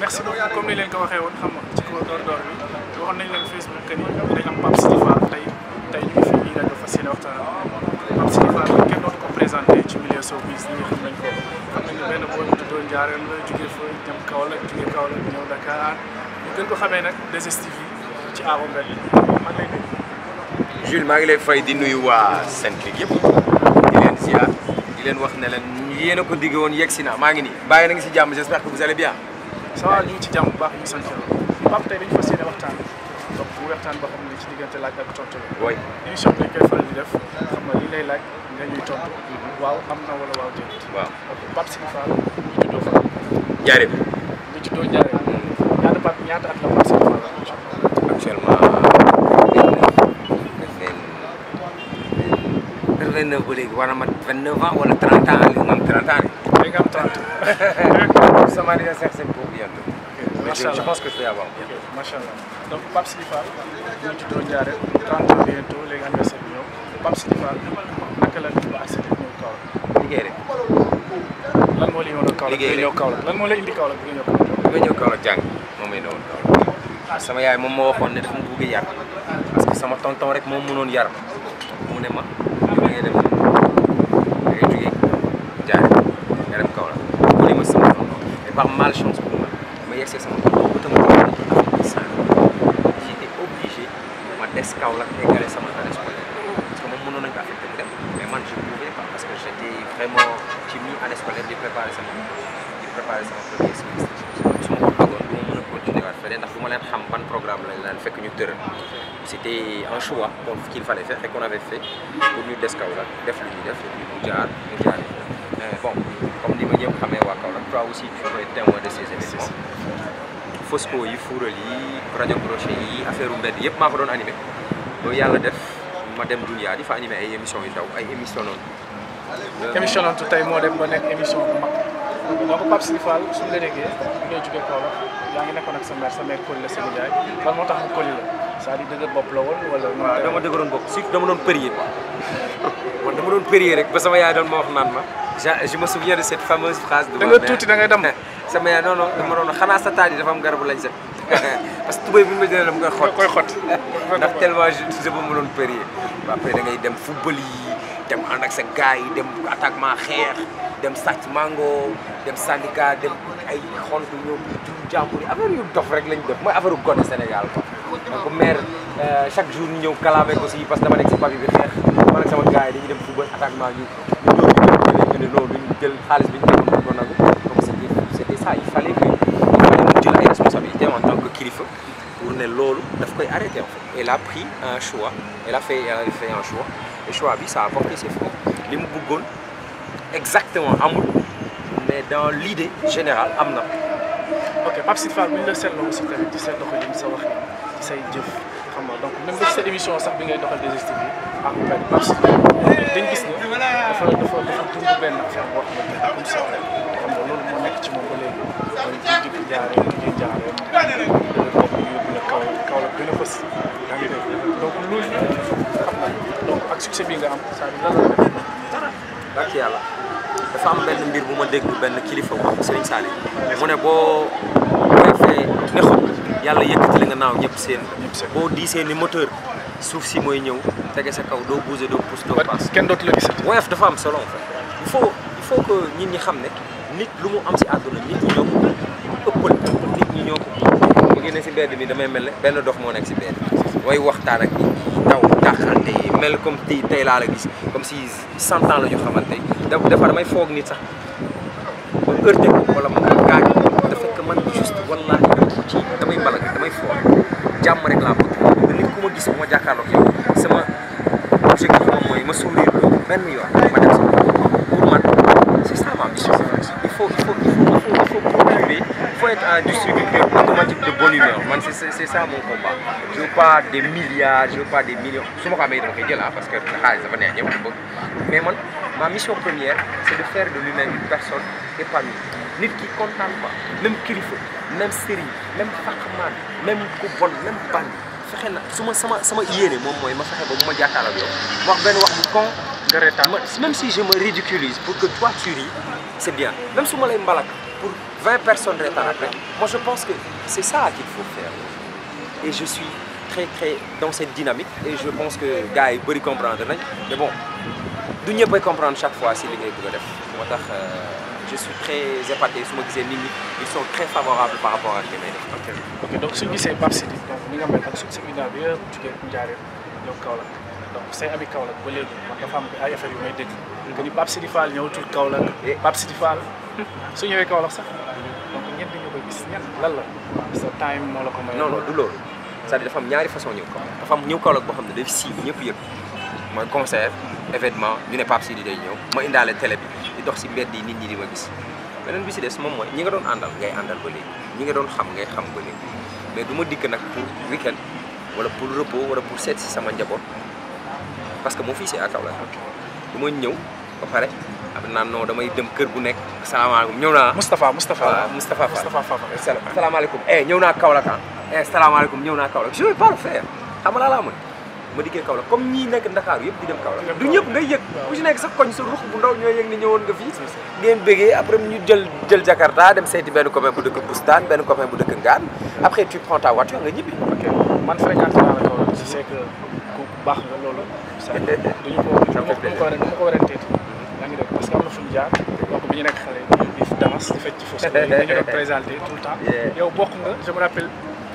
merci beaucoup comme ni leen ko waxee woon xam nga ci kaw door door bi waxoon nañ leen Facebook que ni dañ am Pape Sidy Fall tey tey ñu ngi fi ñuy rajo fas yéene waxtaan Pape Sidy Fall kenn dootu ko présenté ci milieu showbiz yi nga xam nañ ko xam nañ ne benn boo ñu tuddoo Ndiarème la jugee fa dem Kaolack jugee Kaolack ñëw Dakar ñu gën ko xamee nag 2STV ci Aba Mbelle man lay dégg. Jules maa ngi lay fay di nuyu waa Senclic yëpp di leen ziar di leen wax ne leen yéen a ko digg woon yegg si naa maa ngi nii bàyyi na ngi si jàmm j'espère que vous allez bien. ça va ñu ngi ci jàmm bu baax ñu sant yàlla Pape tey dañu fas yéene waxtaan donc bu waxtaan boo xam ne ci diggante laaj ak tontu la. oui émission bi dañ koy faral di def xam nga li lay laaj nga ñuy tontu. Mhm. waaw am na wala waaw déet. waaw ok Pape Sidi Fall ñu juddoo fa. Ndiaré bi. ñu juddoo Ndiaré bi. ñaata Pape ñaata at la Pape Sidi Fall actuellement def leen def leen ba léegi war na mat vingt neuf ans wala trente ans li mu am trente ans. léegi am trente ans. sama anniversaire c'est pour bientôt. mais je, je pense que je vais avoir bientôt. Okay. macha allah donc Pape Sidi Fall ñu bi ñëw Pape Sidi la ñu ba accéder ñëw Kaolack. liggéey rek. lan moo moom la ñu doon Kaolack. Ah, sama yaay moom moo waxoon ne dafa ma bëgg yar parce que sama tonton rek moo mënoon yar mu ne ma li ma par malchance pour moi ma yegg see sama bopp automatiquement ci affaire bi sànq j'étais obligé ma des Kaolack égale sama année scolaire parce que moom mënoon nañu ko affecté mu dem mais man je ne pouvais pas parce que j' étais vraiment ci mi année scolaire di préparer sama di préparer sama premier semestre su ma ko bëggoon du ma mën a continuer waat feneen ndax du ma leen xam ban programme lañ leen fekk ñu tëral c' était un choix donc qu'il fallait faire et qu'on avait fait pour ñu des Kaolack def lu ñuy def ñu jaar ñu jaar euh, bon. xamee waa Kaolack toi aussi tu es témoin de yi fuural yi rajo brochet yi affaire mbedd yëpp maa ko doon animé loolu yàlla def ma dem dunia di fa animé ay émission yi ndaw ay émission noonu euh, émission noonu tey moo dem ba nekk émission bu mag donc Pape Sidi Fall suñu la déggee ñu ngay jógee Kaolack yaa ngi nekkoon ak sa mère sa mère Koli la seen jaay lan moo tax mu Koli la c'est-à-dire bopp la woon wala. waaw dama dëgëroon bopp surtout dama doon përier man dama doon prier rek ba sama yaay doon ma wax naan ma. je me souviens de cette fameuse phrase. da nga tuuti da ngay dem. sama yaay non non dama doon xanaa sa taat yi dafa am garabu lañ set. parce que tubéy bi ma jëlee dama koy xot koy xot. ndax tellement je je ba ma doon prier. après da ngay dem football yi dem ànd ak sa gars yi dem attaquement xeex dem sàcc mango dem syndicat dem ay xont ñoom jàmbur yi affaire yu dof rek lañ def mooy affaire gone Sénégal donc maire euh, chaque jour ñu ñëw kalaame ko si parce que dama nekk si papi bi xeex man ak sama gars yi dañuy dem football attaquement ñu ñu dóor ñu jël noonu duñ jël xaalis bi ñu demoon ko nangu donc c' était c' était ça il fallait que il fallait mu jël ay responsabilités en tant que kilifa pour ne loolu daf koy arrêté en fait. elle a pris un choix elle a fait elle a fait un choix et choix bi ça a porté ses fruits li mu bëggoon exactement amul mais dans l' idée générale am na. ok Pape Sidy Fall bu ñu la seetloo aussi tamit di seetloo ko li mu sa wax. ci say jëf xam nga donc même sa émission sax bi ngay doxal digestif bi ak benn dafa benn affaire boo xamante moo nekk ci moom ba léegi mooy ci a bi nga am ça lan la def barki am benn mbir bu ma déglu benn kilifa wax Serigne Saliou mu ne boo defee ne xob yàlla yëkkati la nga naaw ñëpp seen. ñëpp seen boo diisee ni moteur suuf si mooy ñëw tege sa kaw doo bouger doo pousse doo passe. kenn dootu la gisati. woyof dafa am solo en fait il faut que nit ñi xam ne nit lu mu am si àdduna nit ñi ñoo ko ëppal nit ñi ñoo ko bu génnee si mbedd mi damay mel ne benn dox moo nekk si mbedd way waxtaan ak nit ñi taw taxante yi mel comme tey tey laa la gis comme si cent ans la ñu xamante dafa damay foog nit sax ba heurté ko wala ci damay mbalag damay fo jàmm rek laa bëgg ma gis bu ma jàkkaarloog yow sama objectif moom mooy ma sourire loo benn yoon ma dem sama pour ma mission su ma ko amee dama koy jël ah, parce que ma mission première c'est de faire de lui-même une personne épanouie nit ki kontaan ba même kilifa même sëriñ même faqmaan même ku bon même fexe na su ma sama sama yéene moom mooy ma fexe ba bu ma jàkkaarloo ak yow wax benn wax bu con nga retaan même si je me ridiculise pour que toi tu ris c'est bien même su ma lay mbalak pour vingt personnes retaan après moi je pense que c'est ça qu'il faut faire et je suis très très dans cette dynamique et je pense que gars yi bëri comprendre nañ mais bon du ñëpp ay comprendre chaque fois si li ngay bëgg a def moo tax euh, je suis très épaté su ma gisee nit ñi ils sont favorables par rapport ak li may ok donc suñu gisee Pape Sidi ni nga mel ak suñu séminaire bi yëpp kaw Ndiarène ñëw Kaolack donc say ami Kaolack ba léegi man dafa am ay affaire yu may dégg. que ni Pape Sidi koy gis ñenn lan la sa time moo la ko may. non non du loolu c'est-à-dire ñaari façon ñëw Kaolack dafa am ñëw Kaolack boo xam ne day siiw ñëpp yëpp mooy concert événement ñu ne Pape Sidi day ñëw moo indaale tele bi. di dox si mbedd yi nit ñi di ma gis beneen bi si des moom mooy ñi nga doon àndal ngay àndal ba léegi ñi nga doon xam ngay xam ba léegi mais du ma dikk nag pour weekend wala pour repos wala pour seet si sama njaboot parce que moo fii si à Kaolack du ma ñëw ba pare am naan non damay dem kër gu nekk salaamaaleykum ñëw naa. Moustapha Moustapha waaw Moustapha Fall Moustapha Fall eh, ñëw naa Kaolack ah eh salaamaaleykum ñëw naa Kaolack je vais pas ma dikkee Kaolack comme ñii nekk Ndakaaru yëpp di dem Kaolack du ñëpp ngay yëg ku ci nekk sa koñ sa ruux bu ndaw ñooy yëg ngeen bëggee après ñu jël jël Jakarta dem seeti benn copain bu dëkk Boustane benn copain bu dëkk Ngaan après tu prends ta voiture nga ñibbi ok man fréquenté ko ñu jaar donc bi ñu nekk xale di danse di fecc fos nga je me rappelle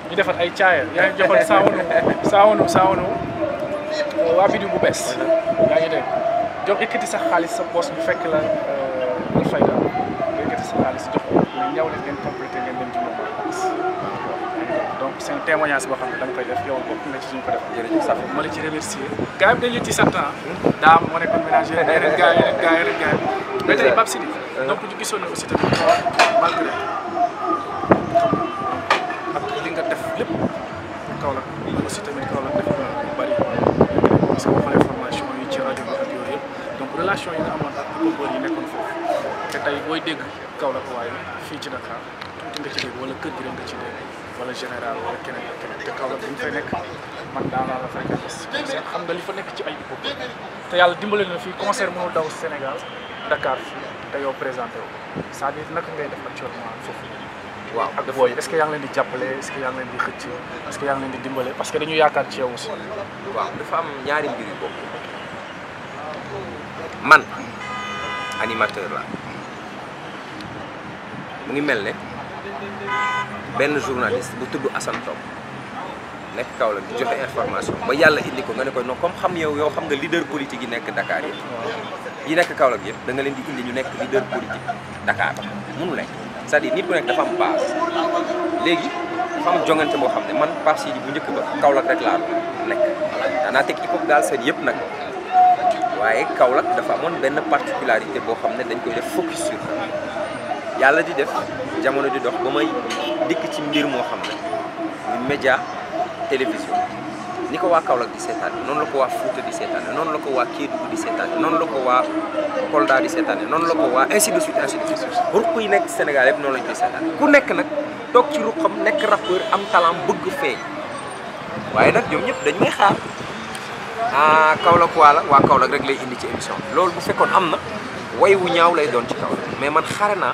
ñu defar ay caaya yaa ngi joxoon saawanu saawanu Euh, waa biddiw bu bees yaa ngi dégg jox yëkkati sax xaalis sa poos bu fekk la euh, al fayda nga sa xaalis jox ko mais ñaw leen ngeen complété ngeen dem ci moom donc seen témoignage boo xam ne da koy def yow bokk na ci suñu ko def jërëjëf sax ma la ci remercier gars yi dañu ci sant ah daa moo nekkoon ménage yeneen gars yeneen gars yeneen gars mais tey Pape Sidy euh. donc ñu ne aussi malgré ak li nga def lépp kaw la aussi tamit kaw la def sama volet formation yi ci rajo bi ak yooyu yëpp donc relation yi nga amoon ak bëmbër yi nekkoon foofu te tey booy dégg Kaolack waaye fii ci Dakar tuuti nga ci dégg wala kër gi rek nga ci dégg wala général wala keneen ak keneen te Kaolack bu ñu fay nekk man daanaa la fay xam nga li fa nekk ci ay bëmbër te yàlla dimbale na fii concert mënul daw Sénégal Dakar fii te yow présenté wu c'est-à-dire naka ngay def actuellement foofu. waaw ak booy est-ce que yaa ngi leen di jàppale est-ce que yaa ngi leen di xëcc est yaa ngi leen di dimbale parce que dañu yaakaar ci yow waaw dafa am ñaari mbir yu man animateur la mu ngi mel ne benn journaliste bu tudd Assane Top nekk kaw la di joxe information ba yàlla indi ko nga ne ko non comme xam yow yow xam nga leader politique yi nekk Dakar yi yi nekk Kaolack yëpp danga leen di indi ñu nekk leader politique Dakar mënu nekk cest à nit ku nekk dafa am base léegi dafa am jongante boo xam ne man partie bu njëkk ba Kaolack rek laa nekk daanaa teg hip hop daal seen yëpp nag waaye kaw Kaolack dafa amoon benn particularité boo xam ne dañ koy def focus sur yàlla di def jamono di dox ba may dikk ci mbir moo xam ne ñu média télévision ni ko waa Kaolack di seetaane noonu la ko waa Fouta di seetaane noonu la ko waa Kédougou di seetaane noonu la ko waa Kolda di seetaane noonu la ko waa ainsi de suite ainsi de suite ruq yi nekk Sénégal yëpp noonu lañ koy seetaane ku nekk nag toog ci ruqam nekk rappeur am talent bëgg feeñ waaye nag ñoom ñëpp dañ may xaar ah Kaolack waa la waa Kaolack rek lay indi ci émission loolu bu fekkoon am na way wu ñaaw lay doon ci Kaolack mais man xare naa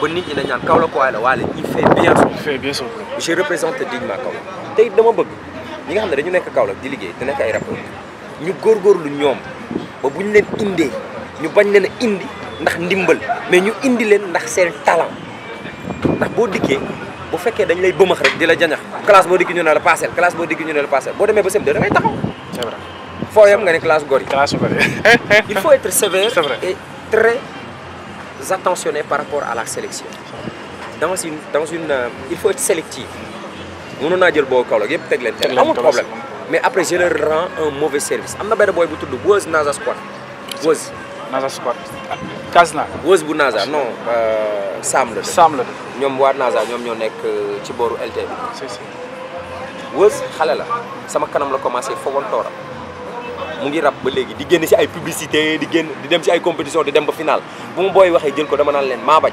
ba nit ñi dañ naan Kaolack waay la waale il fait bien son il fait bien son je représente dignement Kaolack tey dama bëgg ñi nga xam ne dañu nekk Kaolack di liggéey di nekk ay rapport ñu góorgóorlu ñoom ba bu ñu leen indee ñu bañ leen a indi ndax ndimbal mais ñu indi leen ndax seen talent ndax boo dikkee bu fekkee dañ lay bëmax rek di la jañax classe boo dikki ñu ne la passel classe boo dikki ñu ne la passel boo demee ba sem da ngay taxaw c'est vrai foo yam nga ne classe góor yi classe góor et très attentionné par rapport à la sélection dans une une euh, il faut être sélectif mënoon naa jël boobu Kaolack yëpp teg leen teg amul problème mais après je leur rends un mauvais service am na benn booy bu tudd Wëz Naza Squad Wëz Naza Squad kas na Wëz bu Naza non euh, Sam la Sam la ñoom waa Naza ñoom ñoo nekk euh, ci booru LT bi Wëz xale la sama kanam la commencé foogantooram mu ngi rap ba léegi di génn ci ay publicité di génn di dem ci ay compétition di dem ba final bu mu booy waxee jël ko dama naan leen maa bañ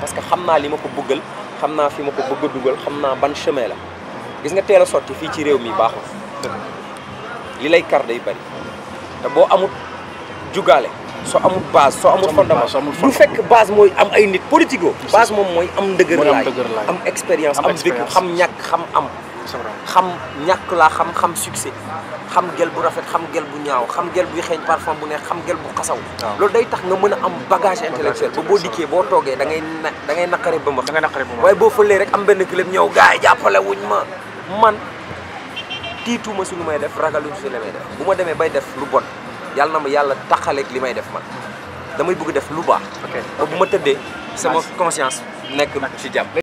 parce que xam naa li ma ko bëggal xam naa fi ma ko bëgg a dugal xam naa ban chemin la gis nga teel a sotti fii ci réew mi baaxul li lay kar day bari te boo amut jugaale soo amul base soo amul fondement lu fekk baas mooy am ay nit politico baas moom mooy am ndëgër laay am expérience am vécu xam ñàkk xam am xam ñàkk laa xam xam succès xam gel bu rafet xam gel bu ñaaw xam gel buy xeeñ parfum bu neex xam gel bu xasaw loolu day tax nga mën a am bagage intellectuel ba boo dikkee boo toogee da ngay da ngay naqare ba mbax waaye boo fëlee rek am benn club ñëw gars yi jàppale wuñ ma man tiituma si lu may def ragaluma si li may def bu ma demee bay def lu bon yàlla na ma yàlla taxaleeg li may def man damay bëgg def lu baax. bu ma tëddee sama conscience nekk ci jàmm.